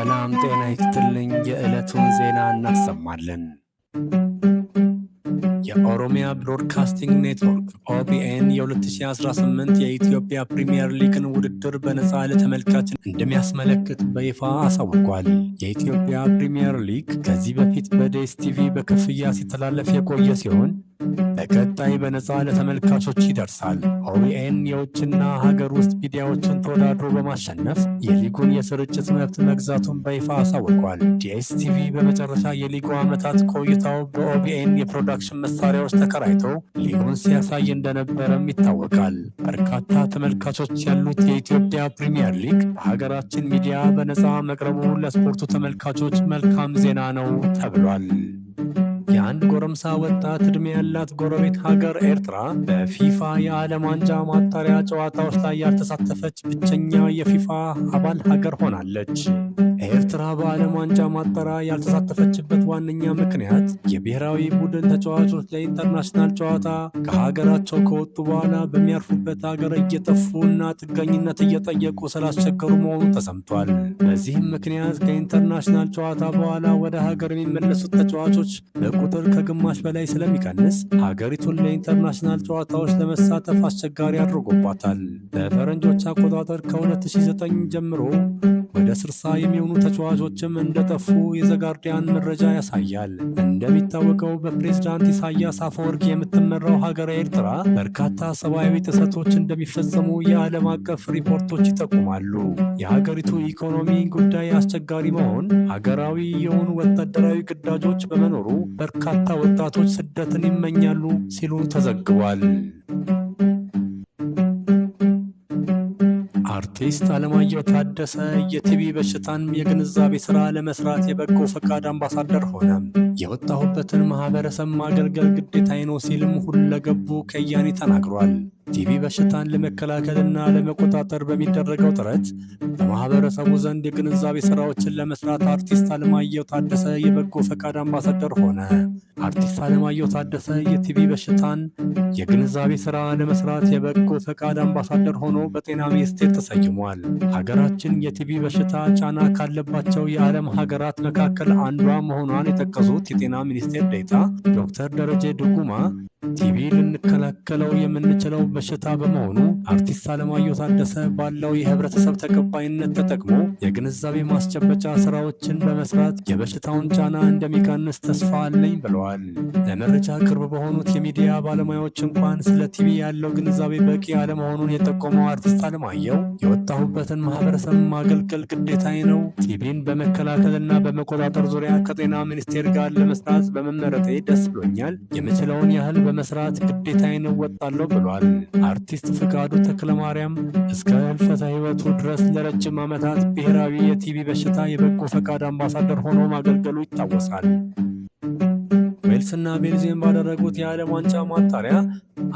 ሰላም ጤና ይክትልኝ። የዕለቱን ዜና እናሰማለን። የኦሮሚያ ብሮድካስቲንግ ኔትወርክ ኦቢኤን የ2018 የኢትዮጵያ ፕሪምየር ሊግን ውድድር በነፃ ለተመልካች እንደሚያስመለክት በይፋ አሳውቋል። የኢትዮጵያ ፕሪምየር ሊግ ከዚህ በፊት በዴስ ቲቪ በክፍያ ሲተላለፍ የቆየ ሲሆን በቀጣይ በነፃ ለተመልካቾች ይደርሳል። ኦቢኤን የውጭና ሀገር ውስጥ ሚዲያዎችን ተወዳድሮ በማሸነፍ የሊጉን የስርጭት መብት መግዛቱን በይፋ አሳውቋል። ዲኤስቲቪ በመጨረሻ የሊጉ ዓመታት ቆይታው በኦቢኤን የፕሮዳክሽን መሳሪያዎች ተከራይቶ ሊጉን ሲያሳይ እንደነበረም ይታወቃል። በርካታ ተመልካቾች ያሉት የኢትዮጵያ ፕሪምየር ሊግ በሀገራችን ሚዲያ በነፃ መቅረቡ ለስፖርቱ ተመልካቾች መልካም ዜና ነው ተብሏል። የአንድ ጎረምሳ ወጣት እድሜ ያላት ጎረቤት ሀገር ኤርትራ በፊፋ የዓለም ዋንጫ ማጣሪያ ጨዋታዎች ላይ ያልተሳተፈች ብቸኛ የፊፋ አባል ሀገር ሆናለች። ኤርትራ በዓለም ዋንጫ ማጣሪያ ያልተሳተፈችበት ዋነኛ ምክንያት የብሔራዊ ቡድን ተጫዋቾች ለኢንተርናሽናል ጨዋታ ከሀገራቸው ከወጡ በኋላ በሚያርፉበት ሀገር እየጠፉና ጥገኝነት እየጠየቁ ስላስቸገሩ መሆኑ ተሰምቷል። በዚህም ምክንያት ከኢንተርናሽናል ጨዋታ በኋላ ወደ ሀገር የሚመለሱት ተጫዋቾች በቁጥር ከግማሽ በላይ ስለሚቀንስ ሀገሪቱን ለኢንተርናሽናል ጨዋታዎች ለመሳተፍ አስቸጋሪ አድርጎባታል። በፈረንጆች አቆጣጠር ከ2009 ጀምሮ ወደ ስርሳ የሚሆኑ የሆኑ ተጫዋቾችም እንደጠፉ የዘጋርዲያን መረጃ ያሳያል። እንደሚታወቀው በፕሬዝዳንት ኢሳያስ አፈወርቅ የምትመራው ሀገር ኤርትራ በርካታ ሰብአዊ ጥሰቶች እንደሚፈጸሙ የዓለም አቀፍ ሪፖርቶች ይጠቁማሉ። የሀገሪቱ ኢኮኖሚ ጉዳይ አስቸጋሪ መሆን፣ ሀገራዊ የሆኑ ወታደራዊ ግዳጆች በመኖሩ በርካታ ወጣቶች ስደትን ይመኛሉ ሲሉ ተዘግቧል። አርቲስት አለማየሁ ታደሰ የቲቢ በሽታን የግንዛቤ ስራ ለመስራት የበጎ ፈቃድ አምባሳደር ሆነ። የወጣሁበትን ማህበረሰብ ማገልገል ግዴታዬ ነው ሲልም ሁለገቡ ከያኔ ተናግሯል። ቲቪ በሽታን ለመከላከልና ለመቆጣጠር በሚደረገው ጥረት በማህበረሰቡ ዘንድ የግንዛቤ ስራዎችን ለመስራት አርቲስት አለማየሁ ታደሰ የበጎ ፈቃድ አምባሳደር ሆነ። አርቲስት አለማየሁ ታደሰ የቲቪ በሽታን የግንዛቤ ስራ ለመስራት የበጎ ፈቃድ አምባሳደር ሆኖ በጤና ሚኒስቴር ተሰይሟል። ሀገራችን የቲቪ በሽታ ጫና ካለባቸው የዓለም ሀገራት መካከል አንዷ መሆኗን የጠቀሱት የጤና ሚኒስቴር ዴኤታ ዶክተር ደረጀ ድጉማ ቲቪ ልንከላከለው የምንችለው በሽታ በመሆኑ አርቲስት አለማየሁ ታደሰ ባለው የህብረተሰብ ተቀባይነት ተጠቅሞ የግንዛቤ ማስጨበጫ ስራዎችን በመስራት የበሽታውን ጫና እንደሚቀንስ ተስፋ አለኝ ብለዋል። ለመረጃ ቅርብ በሆኑት የሚዲያ ባለሙያዎች እንኳን ስለ ቲቪ ያለው ግንዛቤ በቂ አለመሆኑን የጠቆመው አርቲስት አለማየሁ የወጣሁበትን ማህበረሰብ ማገልገል ግዴታዬ ነው። ቲቪን በመከላከልና በመቆጣጠር ዙሪያ ከጤና ሚኒስቴር ጋር ለመስራት በመመረጤ ደስ ብሎኛል። የምችለውን ያህል በመስራት ግዴታዬን እወጣለሁ ብሏል። አርቲስት ፍቃዱ ተክለማርያም እስከ ህልፈተ ህይወቱ ድረስ ለረጅም ዓመታት ብሔራዊ የቲቢ በሽታ የበጎ ፈቃድ አምባሳደር ሆኖ ማገልገሉ ይታወሳል። ዌልስና ቤልጅየም ባደረጉት የዓለም ዋንጫ ማጣሪያ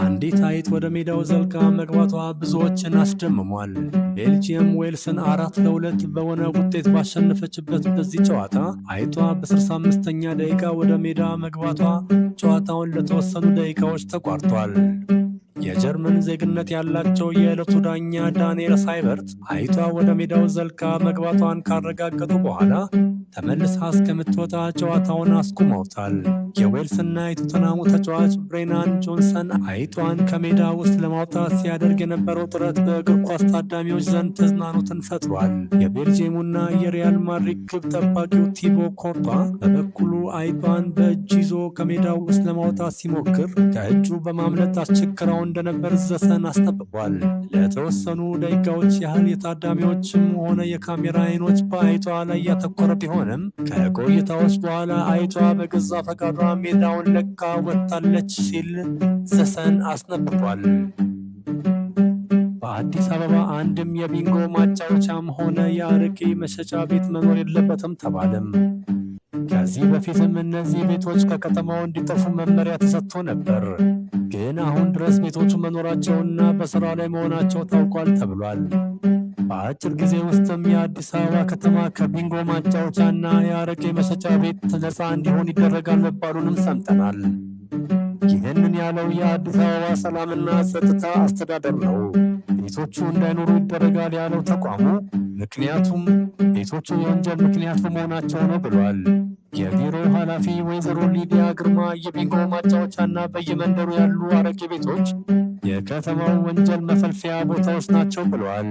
አንዲት አይት ወደ ሜዳው ዘልቃ መግባቷ ብዙዎችን አስደምሟል። ቤልጅየም ዌልስን አራት ለሁለት በሆነ ውጤት ባሸነፈችበት በዚህ ጨዋታ አይቷ በ65ኛ ደቂቃ ወደ ሜዳ መግባቷ ጨዋታውን ለተወሰኑ ደቂቃዎች ተቋርጧል። የጀርመን ዜግነት ያላቸው የዕለቱ ዳኛ ዳንኤል ሳይበርት አይቷ ወደ ሜዳው ዘልቃ መግባቷን ካረጋገጡ በኋላ ተመልሳ እስከምትወጣ ጨዋታውን አስቁመውታል። የዌልስና የቶተናሙ ተጫዋች ብሬናን ጆንሰን አይቷን ከሜዳ ውስጥ ለማውጣት ሲያደርግ የነበረው ጥረት በእግር ኳስ ታዳሚዎች ዘንድ ተዝናኖትን ፈጥሯል። የቤልጅየሙና የሪያል ማድሪድ ግብ ጠባቂው ቲቦ ኮርቷ በበኩሉ አይቷን በእጅ ይዞ ከሜዳ ውስጥ ለማውጣት ሲሞክር ከእጁ በማምለጥ አስቸግረው እንደነበር ዘሰን አስጠብቋል። ለተወሰኑ ደቂቃዎች ያህል የታዳሚዎችም ሆነ የካሜራ አይኖች በአይቷ ላይ ያተኮረ ቢሆን ቢሆንም ከቆይታዎች በኋላ አይቷ በገዛ ፈቃዷ ሜዳውን ለቃ ወጥታለች ሲል ዘሰን አስነብቧል። በአዲስ አበባ አንድም የቢንጎ ማጫወቻም ሆነ የአረቄ መሸጫ ቤት መኖር የለበትም ተባለም። ከዚህ በፊትም እነዚህ ቤቶች ከከተማው እንዲጠፉ መመሪያ ተሰጥቶ ነበር፣ ግን አሁን ድረስ ቤቶቹ መኖራቸውና በሥራ ላይ መሆናቸው ታውቋል ተብሏል። በአጭር ጊዜ ውስጥም የአዲስ አበባ ከተማ ከቢንጎ ማጫወቻና የአረቄ መሸጫ ቤት ነፃ እንዲሆን ይደረጋል መባሉንም ሰምተናል። ይህንን ያለው የአዲስ አበባ ሰላምና ጸጥታ አስተዳደር ነው። ቤቶቹ እንዳይኖሩ ይደረጋል ያለው ተቋሙ ምክንያቱም ቤቶቹ የወንጀል ምክንያት በመሆናቸው ነው ብሏል። የቢሮ ኃላፊ ወይዘሮ ሊዲያ ግርማ የቢንጎ ማጫወቻና በየመንደሩ ያሉ አረቄ ቤቶች የከተማው ወንጀል መፈልፈያ ቦታዎች ናቸው ብለዋል።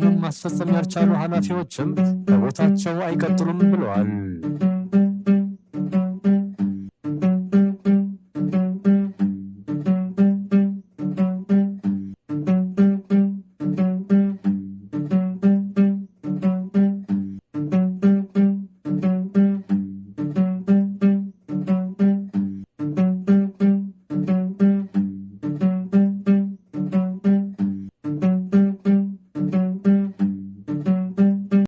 ይህንን ማስፈጸም ያልቻሉ ኃላፊዎችም በቦታቸው አይቀጥሉም ብለዋል።